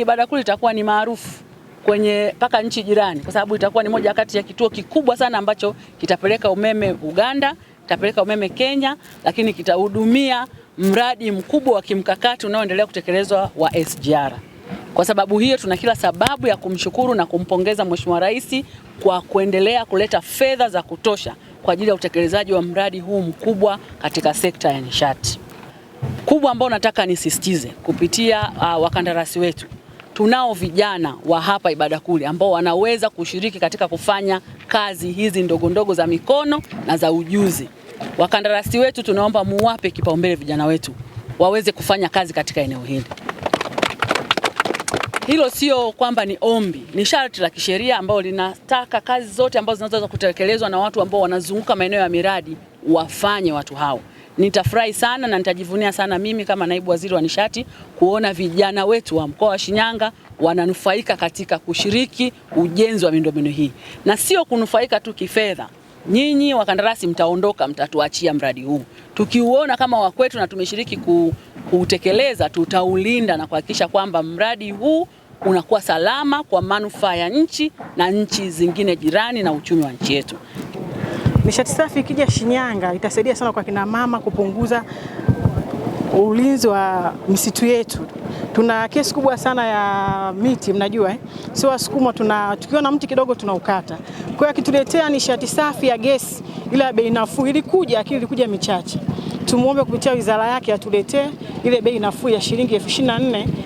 Ibada kuu itakuwa ni maarufu kwenye mpaka nchi jirani, kwa sababu itakuwa ni moja kati ya kituo kikubwa sana ambacho kitapeleka umeme Uganda, kitapeleka umeme Kenya, lakini kitahudumia mradi mkubwa wa kimkakati unaoendelea kutekelezwa wa SGR. Kwa sababu hiyo, tuna kila sababu ya kumshukuru na kumpongeza Mheshimiwa Rais kwa kuendelea kuleta fedha za kutosha kwa ajili ya utekelezaji wa mradi huu mkubwa katika sekta ya nishati. Kubwa ambao nataka nisisitize kupitia uh, wakandarasi wetu tunao vijana wa hapa ibada kule ambao wanaweza kushiriki katika kufanya kazi hizi ndogo ndogo za mikono na za ujuzi. Wakandarasi wetu tunaomba muwape kipaumbele vijana wetu waweze kufanya kazi katika eneo hili. Hilo sio kwamba ni ombi, ni sharti la kisheria ambao linataka kazi zote ambazo zinazoweza kutekelezwa na watu ambao wanazunguka maeneo ya miradi wafanye watu hao nitafurahi sana na nitajivunia sana mimi kama naibu waziri wa nishati kuona vijana wetu wa mkoa wa Shinyanga wananufaika katika kushiriki ujenzi wa miundombinu hii, na sio kunufaika tu kifedha. Nyinyi wakandarasi mtaondoka, mtatuachia mradi huu, tukiuona kama wakwetu na tumeshiriki kuutekeleza, tutaulinda na kuhakikisha kwamba mradi huu unakuwa salama kwa manufaa ya nchi na nchi zingine jirani na uchumi wa nchi yetu. Nishati safi ikija Shinyanga itasaidia sana kwa kina mama kupunguza ulinzi wa misitu yetu. Tuna kesi kubwa sana ya miti mnajua eh? Sio Wasukuma tuna tukiona mti kidogo tunaukata. Kwa hiyo akituletea nishati safi ya gesi ile ya bei nafuu ilikuja, lakini ilikuja michache. Tumuombe kupitia wizara yake atuletee ile bei nafuu ya shilingi elfu ishirini na nne